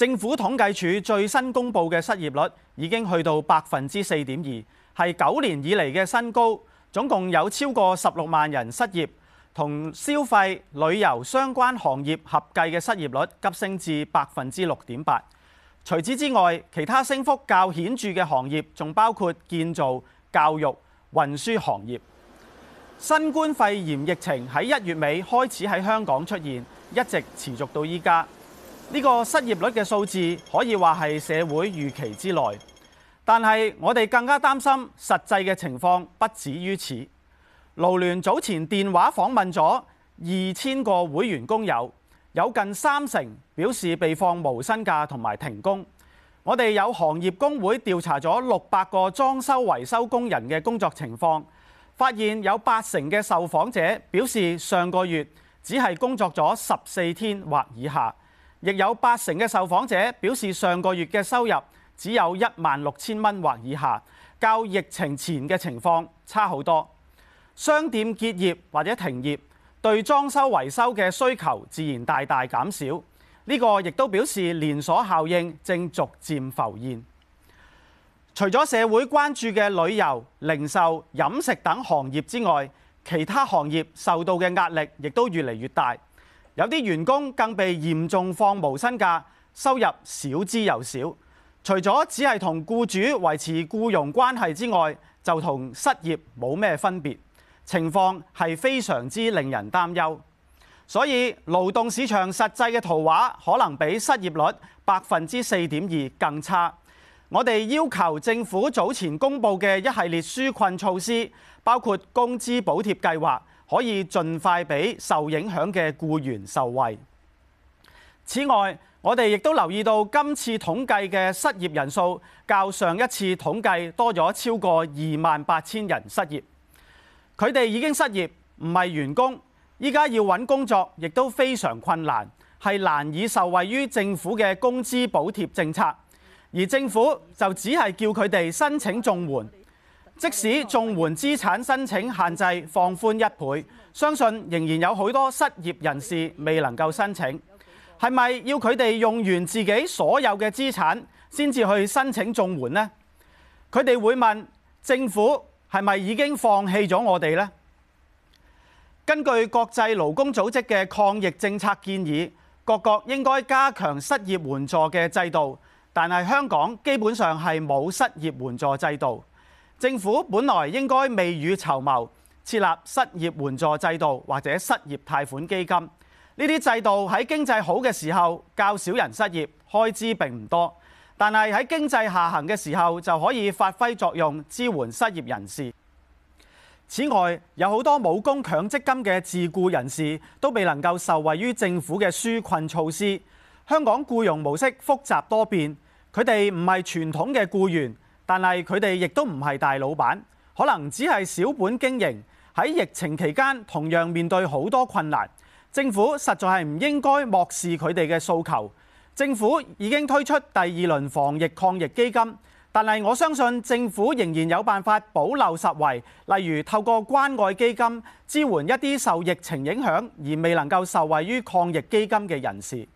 政府統計處最新公布嘅失業率已經去到百分之四點二，係九年以嚟嘅新高。總共有超過十六萬人失業，同消費、旅遊相關行業合計嘅失業率急升至百分之六點八。除此之外，其他升幅較顯著嘅行業仲包括建造、教育、運輸行業。新冠肺炎疫情喺一月尾開始喺香港出現，一直持續到依家。呢個失業率嘅數字可以話係社會預期之內，但係我哋更加擔心實際嘅情況不止於此。勞聯早前電話訪問咗二千個會員工友，有近三成表示被放無薪假同埋停工。我哋有行業工會調查咗六百個裝修維修工人嘅工作情況，發現有八成嘅受訪者表示上個月只係工作咗十四天或以下。亦有八成嘅受訪者表示，上個月嘅收入只有一萬六千蚊或以下，較疫情前嘅情況差好多。商店結業或者停業，對裝修維修嘅需求自然大大減少。呢個亦都表示連鎖效應正逐漸浮現。除咗社會關注嘅旅遊、零售、飲食等行業之外，其他行業受到嘅壓力亦都越嚟越大。有啲員工更被嚴重放無薪假，收入少之又少，除咗只係同雇主維持僱傭關係之外，就同失業冇咩分別。情況係非常之令人擔憂，所以勞動市場實際嘅圖畫可能比失業率百分之四點二更差。我哋要求政府早前公布嘅一系列紓困措施，包括工資補貼計劃。可以盡快俾受影響嘅雇員受惠。此外，我哋亦都留意到今次統計嘅失業人數較上一次統計多咗超過二萬八千人失業。佢哋已經失業，唔係員工，依家要揾工作亦都非常困難，係難以受惠於政府嘅工資補貼政策，而政府就只係叫佢哋申請綜援。即使綜援資產申請限制放寬一倍，相信仍然有許多失業人士未能夠申請。係咪要佢哋用完自己所有嘅資產先至去申請綜援呢？佢哋會問政府係咪已經放棄咗我哋呢？根據國際勞工組織嘅抗疫政策建議，各國應該加強失業援助嘅制度，但係香港基本上係冇失業援助制度。政府本來應該未雨綢繆設立失業援助制度或者失業貸款基金，呢啲制度喺經濟好嘅時候較少人失業，開支並唔多，但係喺經濟下行嘅時候就可以發揮作用，支援失業人士。此外，有好多冇供強積金嘅自雇人士都未能夠受惠於政府嘅紓困措施。香港僱傭模式複雜多變，佢哋唔係傳統嘅雇員。但係佢哋亦都唔係大老闆，可能只係小本經營。喺疫情期間，同樣面對好多困難。政府實在係唔應該漠視佢哋嘅訴求。政府已經推出第二輪防疫抗疫基金，但係我相信政府仍然有辦法保留實惠，例如透過關愛基金支援一啲受疫情影響而未能夠受惠於抗疫基金嘅人士。